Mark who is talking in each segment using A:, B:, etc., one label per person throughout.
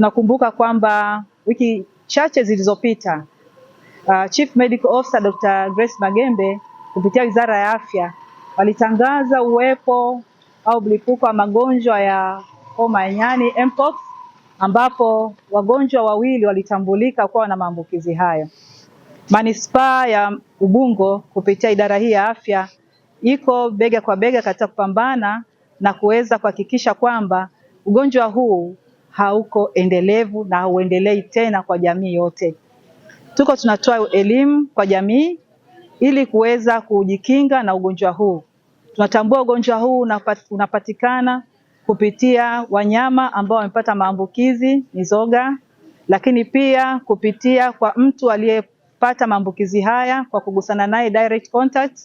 A: Tunakumbuka kwamba wiki chache zilizopita uh, Chief Medical Officer Dr. Grace Magembe kupitia Wizara ya Afya walitangaza uwepo au mlipuko wa magonjwa ya homa ya nyani mpox, ambapo wagonjwa wawili walitambulika kuwa na maambukizi hayo. Manispaa ya Ubungo kupitia idara hii ya afya iko bega kwa bega katika kupambana na kuweza kuhakikisha kwamba ugonjwa huu hauko endelevu na hauendelei tena kwa jamii yote. Tuko tunatoa elimu kwa jamii ili kuweza kujikinga na ugonjwa huu. Tunatambua ugonjwa huu unapatikana kupitia wanyama ambao wamepata maambukizi mizoga, lakini pia kupitia kwa mtu aliyepata maambukizi haya kwa kugusana naye direct contact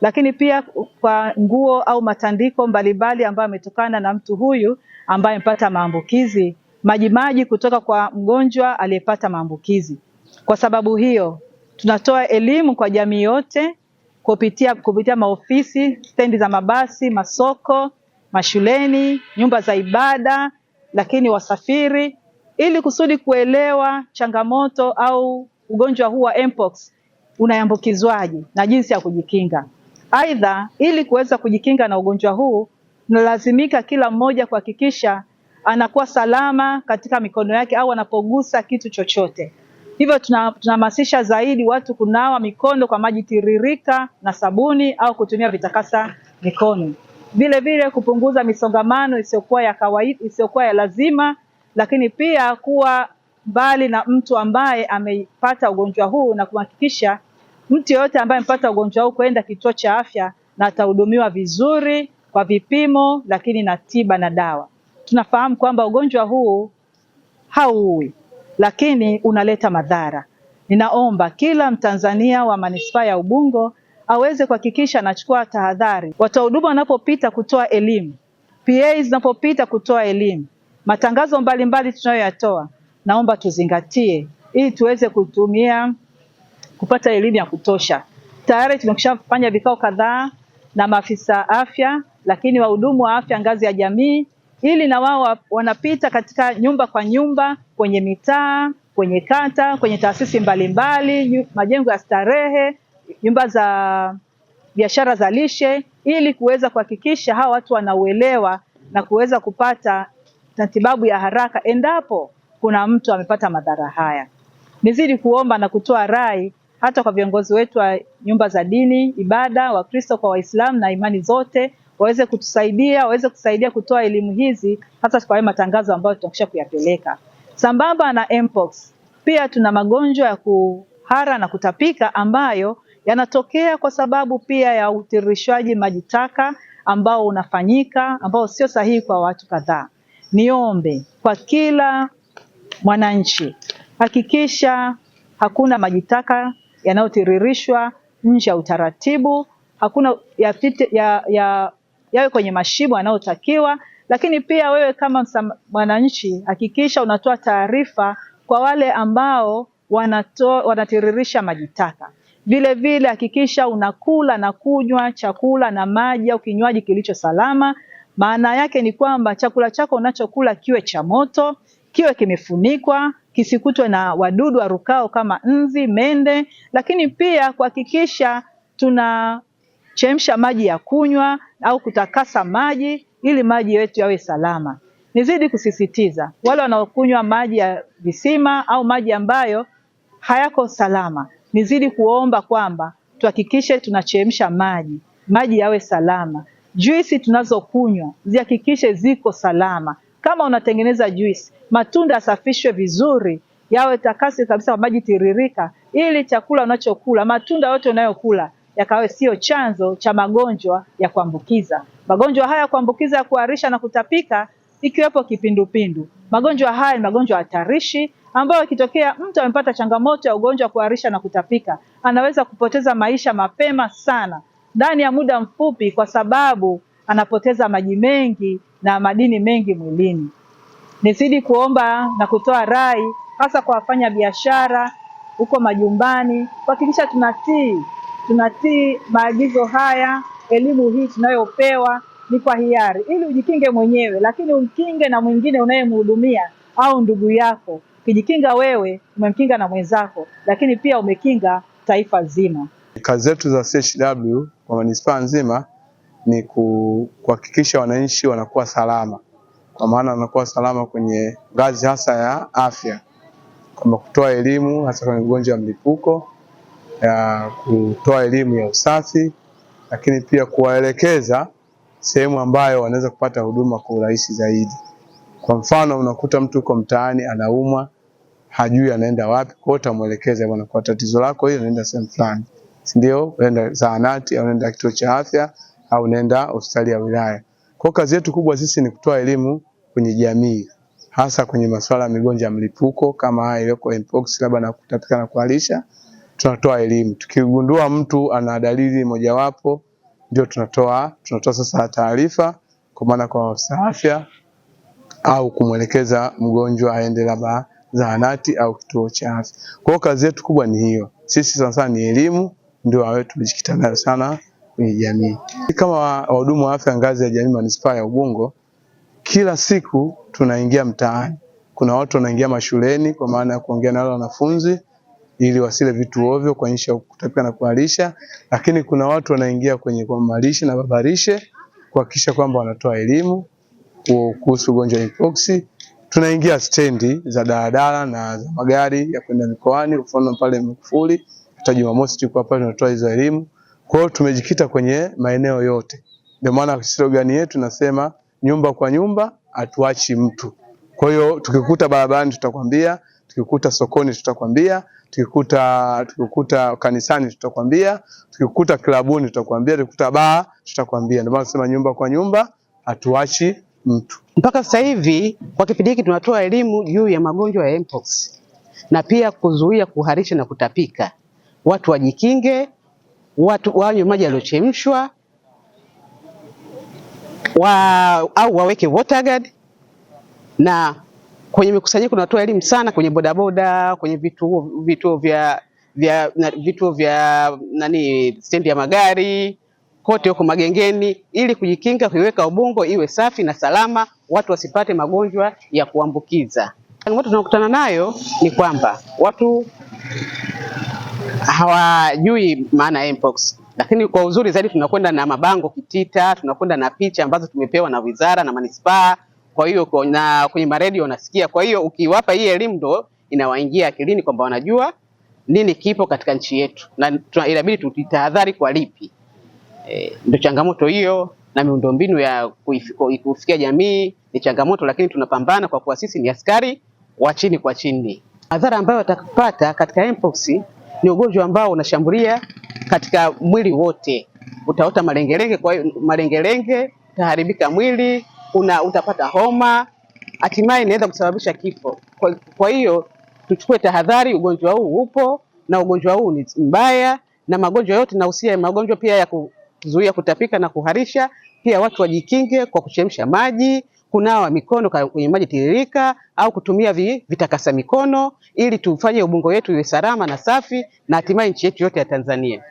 A: lakini pia kwa nguo au matandiko mbalimbali ambayo ametokana na mtu huyu ambaye amepata maambukizi, majimaji kutoka kwa mgonjwa aliyepata maambukizi. Kwa sababu hiyo, tunatoa elimu kwa jamii yote kupitia kupitia maofisi, stendi za mabasi, masoko, mashuleni, nyumba za ibada, lakini wasafiri, ili kusudi kuelewa changamoto au ugonjwa huu wa mpox unaambukizwaje na jinsi ya kujikinga. Aidha, ili kuweza kujikinga na ugonjwa huu, tunalazimika kila mmoja kuhakikisha anakuwa salama katika mikono yake au anapogusa kitu chochote. Hivyo tunahamasisha zaidi watu kunawa mikono kwa maji tiririka na sabuni au kutumia vitakasa mikono. Vile vile kupunguza misongamano isiyokuwa ya kawaida, isiyokuwa ya lazima, lakini pia kuwa mbali na mtu ambaye amepata ugonjwa huu na kuhakikisha Mtu yeyote ambaye amepata ugonjwa huu kwenda kituo cha afya na atahudumiwa vizuri kwa vipimo, lakini na tiba na dawa. Tunafahamu kwamba ugonjwa huu hauui, lakini unaleta madhara. Ninaomba kila Mtanzania wa manispaa ya Ubungo aweze kuhakikisha anachukua tahadhari. Watoa huduma wanapopita kutoa elimu, PA zinapopita kutoa elimu, matangazo mbalimbali tunayoyatoa, naomba tuzingatie ili tuweze kutumia kupata elimu ya kutosha. Tayari tumeshafanya vikao kadhaa na maafisa afya, lakini wahudumu wa afya ngazi ya jamii, ili na wao wanapita katika nyumba kwa nyumba, kwenye mitaa, kwenye kata, kwenye taasisi mbalimbali, majengo ya starehe, nyumba za biashara za lishe, ili kuweza kuhakikisha hawa watu wanauelewa na kuweza kupata matibabu ya haraka endapo kuna mtu amepata madhara haya. Nizidi kuomba na kutoa rai hata kwa viongozi wetu wa nyumba za dini, ibada, Wakristo kwa Waislamu na imani zote waweze kutusaidia, waweze kusaidia kutoa elimu hizi, hasa kwa matangazo ambayo tutakisha kuyapeleka. Sambamba na mpox, pia tuna magonjwa ya kuhara na kutapika ambayo yanatokea kwa sababu pia ya utiririshwaji maji taka ambao unafanyika, ambao sio sahihi kwa watu kadhaa. Niombe kwa kila mwananchi, hakikisha hakuna maji taka yanayotiririshwa nje ya utaratibu, hakuna yapite, ya, ya, yawe kwenye mashimo yanayotakiwa. Lakini pia wewe kama mwananchi, hakikisha unatoa taarifa kwa wale ambao wanato, wanatiririsha maji taka. Vile vile hakikisha unakula na kunywa chakula na maji au kinywaji kilicho salama. Maana yake ni kwamba chakula chako unachokula kiwe cha moto, kiwe kimefunikwa kisikutwe na wadudu warukao kama nzi, mende, lakini pia kuhakikisha tunachemsha maji ya kunywa au kutakasa maji ili maji yetu yawe salama. Nizidi kusisitiza wale wanaokunywa maji ya visima au maji ambayo hayako salama, nizidi kuomba kwamba tuhakikishe tunachemsha maji, maji yawe salama. Juisi tunazokunywa zihakikishe ziko salama. Kama unatengeneza juisi, matunda yasafishwe vizuri, yawe takasi kabisa kwa maji tiririka, ili chakula unachokula, matunda yote unayokula yakawe sio chanzo cha magonjwa ya kuambukiza. Magonjwa haya ya kuambukiza ya kuharisha na kutapika, ikiwepo kipindupindu. Magonjwa haya ni magonjwa hatarishi ambayo ikitokea mtu amepata changamoto ya ugonjwa wa kuharisha na kutapika, anaweza kupoteza maisha mapema sana ndani ya muda mfupi, kwa sababu anapoteza maji mengi na madini mengi mwilini. Nizidi kuomba na kutoa rai hasa kwa wafanya biashara huko majumbani kuhakikisha tunatii tunatii maagizo haya. Elimu hii tunayopewa ni kwa hiari, ili ujikinge mwenyewe, lakini umkinge na mwingine unayemhudumia au ndugu yako. Ukijikinga wewe, umemkinga na mwenzako, lakini pia umekinga taifa zima.
B: Kazi zetu za CHW kwa manispaa nzima ni kuhakikisha wananchi wanakuwa salama, kwa maana wanakuwa salama kwenye ngazi hasa ya afya, kama kutoa elimu hasa kwenye ugonjwa wa mlipuko, ya kutoa elimu ya usafi, lakini pia kuwaelekeza sehemu ambayo wanaweza kupata huduma kwa urahisi zaidi. Kwa mfano, unakuta mtu uko mtaani anaumwa, hajui anaenda wapi, kwa hiyo utamwelekeza bwana, kwa tatizo lako hili naenda sehemu fulani, si ndio? Unaenda zahanati au unaenda kituo cha afya au nenda hospitali ya wilaya. Kwa kazi yetu kubwa sisi ni kutoa elimu kwenye jamii, hasa kwenye masuala ya migonjwa ya mlipuko kama haya iliyoko mpox, labda na kutapikana kwa lisha, tunatoa elimu. Tukigundua mtu ana dalili mojawapo, ndio tunatoa tunatoa sasa taarifa kwa maana kwa afisa afya au kumwelekeza mgonjwa aende labda zahanati au kituo cha afya. Kwa hiyo kazi yetu kubwa ni hiyo. Sisi sana sana ni elimu ndio awe tumejikita nayo sana kwenye jamii. Kama wahudumu wa afya ngazi ya jamii manispaa ya Ubungo, kila siku tunaingia mtaani, kuna watu wanaingia mashuleni kwa maana ya kuongea na wale wanafunzi ili wasile vitu ovyo kwa kuonyesha kutapika na kualisha, lakini kuna watu wanaingia kwenye kwa malishe na babarishe kuhakikisha kwamba wanatoa elimu kuhusu ugonjwa wa mpox. Tunaingia stendi za daladala na za magari ya kwenda mikoani, mfano pale Magufuli, hata Jumamosi tulikuwa pale tunatoa hizo elimu. Kwa hiyo tumejikita kwenye maeneo yote, ndio maana slogan yetu nasema nyumba kwa nyumba, hatuachi mtu. Kwa hiyo tukikuta barabarani tutakwambia, tukikuta sokoni tutakwambia, tukikuta tukikuta kanisani tutakwambia, tukikuta klabuni tutakwambia, tukikuta baa tutakwambia. Ndio maana tunasema nyumba kwa nyumba, hatuachi mtu.
A: Mpaka sasa hivi kwa kipindi hiki tunatoa elimu juu ya magonjwa ya mpox na pia kuzuia kuharisha na kutapika, watu wajikinge watu wanywe maji yaliyochemshwa wa, au waweke water guard, na kwenye mikusanyiko tunatoa elimu sana kwenye bodaboda, kwenye vituo vituo vya vya na, vituo vya nani, stendi ya magari kote huko magengeni, ili kujikinga kuiweka Ubungo iwe safi na salama, watu wasipate magonjwa ya kuambukiza. Changamoto tunakutana nayo ni kwamba watu hawajui maana ya mpox, lakini kwa uzuri zaidi tunakwenda na mabango kitita, tunakwenda na picha ambazo tumepewa na wizara na manispaa, kwa hiyo na kwenye maredio unasikia. Kwa hiyo ukiwapa hii elimu ndo inawaingia akilini kwamba wanajua nini kipo katika nchi yetu na inabidi tutahadhari kwa lipi. E, ndio changamoto hiyo, na miundombinu ya kufikia jamii ni changamoto, lakini tunapambana kwa kuwa sisi ni askari wa chini kwa chini. Madhara ambayo watapata katika mpox ni ugonjwa ambao unashambulia katika mwili wote, utaota malengelenge. Kwa hiyo malengelenge, utaharibika mwili una, utapata homa, hatimaye inaweza kusababisha kifo. Kwa hiyo tuchukue tahadhari, ugonjwa huu upo na ugonjwa huu ni mbaya, na magonjwa yote nahusia magonjwa pia ya kuzuia kutapika na kuharisha, pia watu wajikinge kwa kuchemsha maji kunawa mikono kwenye maji tiririka au kutumia vi, vitakasa mikono ili tufanye ubongo wetu iwe salama na safi na hatimaye nchi yetu yote ya Tanzania.